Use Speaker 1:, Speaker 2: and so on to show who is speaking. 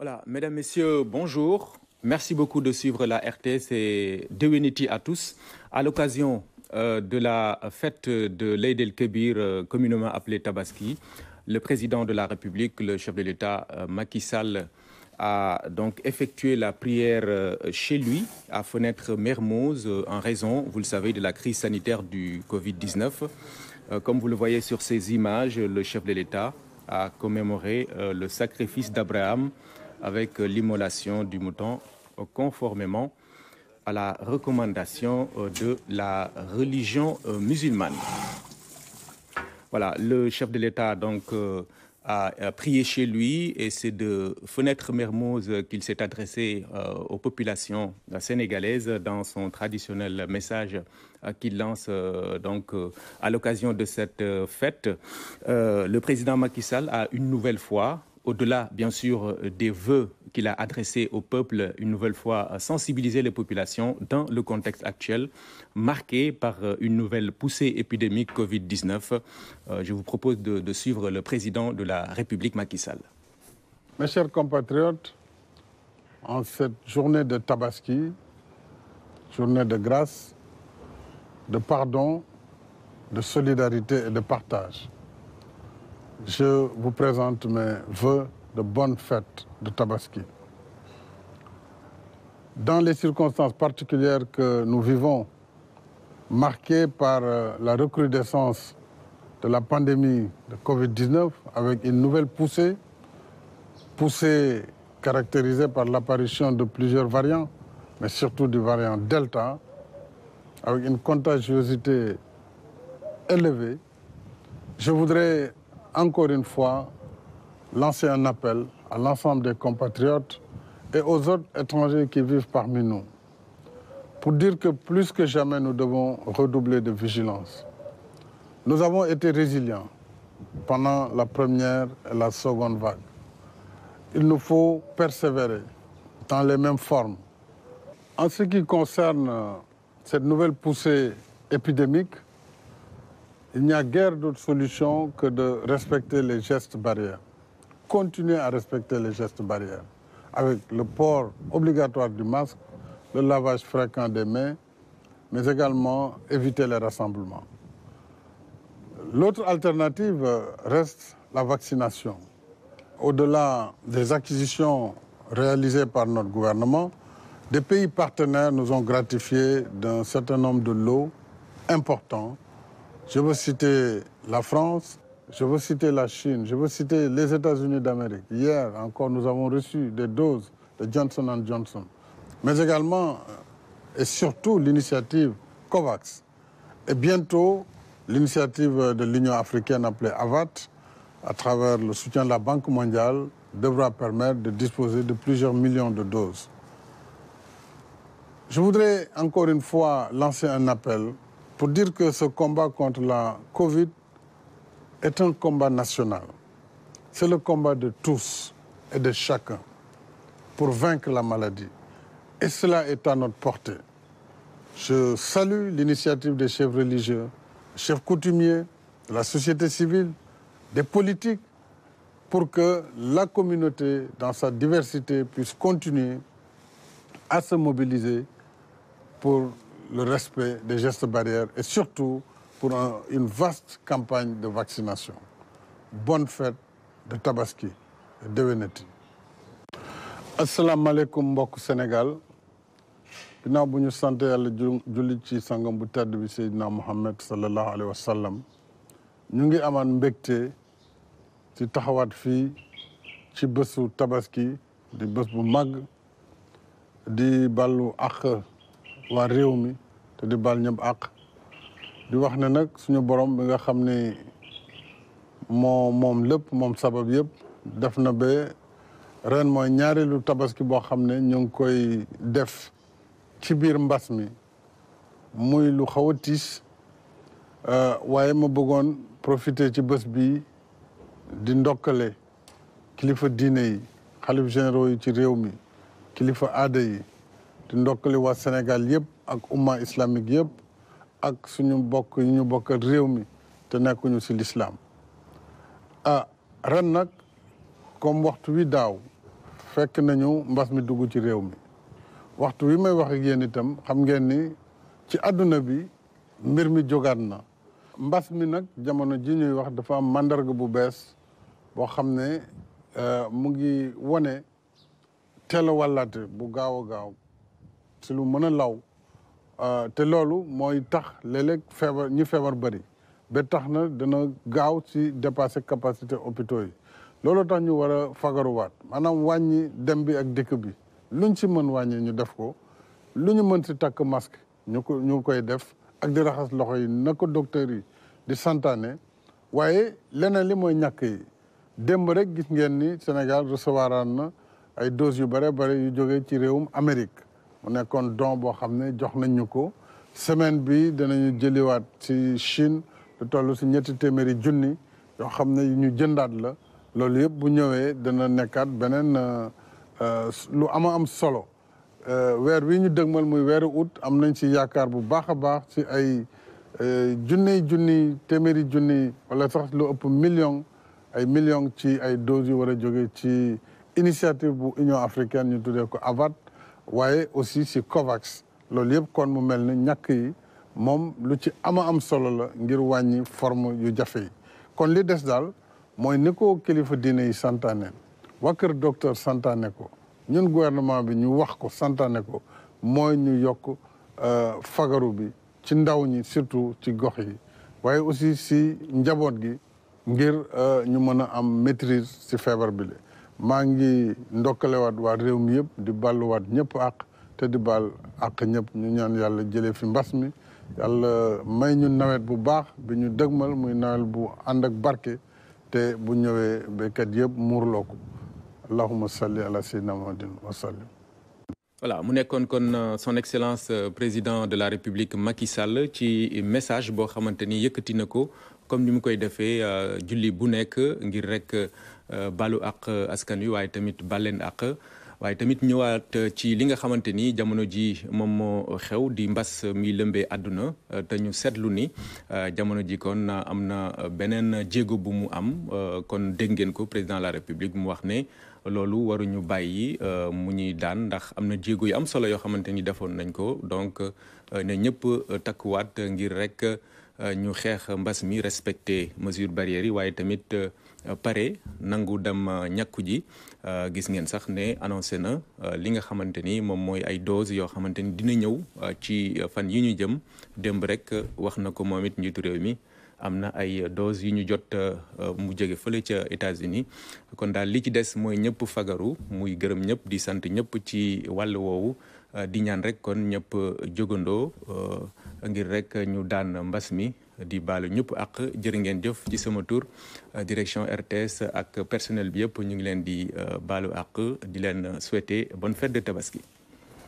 Speaker 1: Voilà, mesdames, messieurs, bonjour. Merci de suivre la RTS et Deweniti à tous. À l'occasion euh, de la fête de l'Aïd el-Kébir, euh, communément appelée Tabaski, le président de la République, le chef de l'État euh, Macky Sall, a donc effectué la prière euh, chez lui, à Fenêtre Mermoz, euh, en raison, vous le savez, de la crise sanitaire du Covid-19. Euh, comme vous le voyez sur ces images, le chef de l'État a commémoré avec euh, l'immolation du mouton euh, conformément à la recommandation euh, de la religion musulmane. Voilà, le chef de l'État donc a prié chez lui et c'est de Fenêtre Mermoz qu'il s'est adressé aux populations sénégalaises dans son traditionnel message qu'il lance donc à l'occasion de cette fête. le président Macky Sall a une nouvelle fois au-delà, bien sûr, euh, des vœux qu'il a adressés au peuple, une fois euh, sensibiliser les populations le contexte actuel, marqué par euh, une nouvelle poussée épidémique Covid-19. Je vous propose de, de suivre le président de la République, Macky Sall.
Speaker 2: Mes chers compatriotes, en cette de Tabaski, de grâce, de de solidarité de partage, je vous présente mes vœux de bonne fête de Tabaski. Dans les circonstances particulières que nous vivons, marquées par euh, la recrudescence de la pandémie de Covid-19, avec une nouvelle poussée, poussée caractérisée par l'apparition de plusieurs variants, surtout du variant Delta, avec une contagiosité élevée, je voudrais encore une fois lancer un appel à l'ensemble des compatriotes et aux autres étrangers qui vivent parmi nous pour dire que plus que jamais, nous devons redoubler de vigilance. Nous avons été résilients pendant la première et la seconde vague. Il nous faut persévérer dans les mêmes formes. En ce qui concerne cette nouvelle poussée épidémique, Il n'y a guère d'autre solution que de respecter les gestes barrières. Continuer à respecter les gestes barrières avec le port obligatoire du masque, le lavage fréquent des mais mais également éviter les rassemblements. L'autre alternative reste la vaccination. Au-delà des acquisitions réalisées par notre gouvernement, des pays partenaires nous ont gratifié d'un certain nombre de lots importants Je veux citer la France, je veux citer la Chine, je veux citer les États-Unis d'Amérique. Hier encore, nous avons reçu des doses de Johnson Johnson, mais également euh, et surtout l'initiative COVAX. Et bientôt, l'initiative de l'Union africaine appelée AVAT, à travers le soutien de la Banque mondiale, devra permettre de disposer de plusieurs millions de doses. Je voudrais encore une fois lancer un appel pour dire que ce combat contre la Covid est un combat national. C'est le combat de tous et de chacun pour vaincre la maladie. Et cela est à notre portée. Je salue l'initiative des chefs religieux, chefs coutumiers, de la société civile, des politiques, pour que la communauté, dans sa diversité, puisse continuer à se mobiliser pour le respect des gestes barrières et surtout pour une vaste campagne de vaccination. bon fête de Tabaski et déwénati asalaamaaleykum mbokk Sénégal ginnaaw bu ñu sant yàlla julli ci sangam bu tedd bi Seydina Muhammad sallallahu alayhi wa sallam ñu ngi amaan mbegte ci taxawaat fii ci bésu Tabaski di bës bu mag di ballu ak waa réew mi te di baal ñëpp àq di wax na nag suñu borom bi nga xam ne moo moom lépp moom sabab yëpp def na ba ren mooy ñaareelu tabaski boo xam ne ñu ngi koy def ci biir mbas mi muy lu xaw a tiis euh, waaye ma bëggoon profiter ci bés bi di ndokkale kilifa diine yi xalif généraux yi ci réew mi kilifa aada yi di ndokkali waa Sénégal yëpp ak umma islamique yëpp ak suñu bokk ñu bokkal réew mi te nekkuñu si lislaam a ah, ren nag kom waxtu wi daaw fekk nañu mbas mi dugg ci réew mi waxtu wi may wax ak itam xam ngeen ni ci àdduna bi mbir mi jógaat na mbas mi nag jamono ji ñuy wax dafa am màndarga bu bees boo xam ne euh, mu ngi wone teel bu gaaw a gaaw ci lu mën a law euh, te loolu mooy tax léeg feebar ñi feebar bëri ba tax na dana gaaw ci dépasser capacité hôpitaux yi loolu tax ñu war a fagaruwaat maanaam wàññi dem bi ak dikk bi luñ si mën wàññi ñu def ko lu ñu mën si takk masque ñu ko ñu koy def ak di raxas loxo yi na ko yi di santaane waaye leneen li mooy ñàkk yi démb rek gis ngeen ni Sénégal recevoir na ay doses yu bare bare yu jógee ci réewum Amérique mu nekkoon don boo xam ne jox nañ ñu ko semaine bi danañu jëliwaat ci Chine lu toll si ñetti téeméeri junni yoo xam ne ñu jëndaat la loolu yëpp bu ñëwee dana nekkaat beneen euh, lu ama am solo euh, weer wi ñu dëgmal muy weeru août am nañ ci yaakaar bu baax a baax ci ay euh, junniy junni téeméeri junni wala sax lu ëpp million ay million ci ay doses yu war a jóge ci initiative bu Union africaine ñu tuddee ko AVAT waaye aussi si COVAX loolu yëpp kon mu mel ni ñàkk yi moom lu ci ama am solo la ngir wàññi forme yu jafe yi kon li des daal mooy ni ko kilifa diine yi santaane waa kër docteur santaane ko ñun gouvernement bi ñu wax ko santaane ko mooy ñu yokk euh, fagaru bi ci ndaw ñi surtout ci gox yi waaye aussi si njaboot gi ngir euh, ñu mën a am maîtrise si feebar bi la maa ngi ndokkalewaat waat réew mi yëpp di balluwaat ñëpp àq te di baal àq ñëpp ñu ñaan yàlla jëlee fi mbas mi yàlla may ñu nawet bu baax bi ñu dëgmal muy nawet bu ànd ak barke te bu ñëwee béykat yëpp muurloo ko allahuma salli ala sayyidina muhammadin wa sallim
Speaker 1: voilà mu nekkoon kon euh, son excellence euh, président de la république Macky Sall ci message boo xamante ni yëkkati na ko comme ni mu koy defee euh, julli bu nekk ngir rek Euh, balu ak euh, askan wi waaye tamit balleen ak waaye tamit ñëwaat euh, ci li nga xamante ni jamono ji moom moo xew di mbas mi lëmbee àdduna te ñu seetlu ni jamono ji kon am na beneen jéego bu mu am kon dégg ngeen ko président la république mu wax ne loolu waruñu bàyyi mu ñuy daan ndax am na jéego yu am solo yoo xamante ni defoon nañ ko donc ne ñëpp takkuwaat ngir rek ñu xeex mbas mi respecter mesure barrières yi waaye tamit. pare nangu dem euh, ñàkku ji euh, gis ngeen sax ne annoncé na euh, li nga xamante ni moom mooy ay dose yoo xamante ni dina ñëw ci fan yi ñu jëm démb rek wax na ko moom it njiitu réew mi am na ay dose yu ñu jot mu jege fële ca États-Unis kon daal li ci des mooy ñëpp fagaru muy gërëm ñëpp di sant ñëpp ci wàll woowu di ñaan rek kon ñëpp jógandoo ngir rek ñu daan mbas mi di baalu ñëpp ak jërë ngeen jëf ci sama tour direction RTS ak personnel bi yëpp ñu ngi leen di euh, baalu ak di leen souhaiter bonne fête de Tabaski